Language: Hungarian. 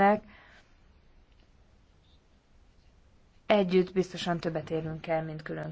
ennek. Együtt biztosan többet érünk el, mint külön.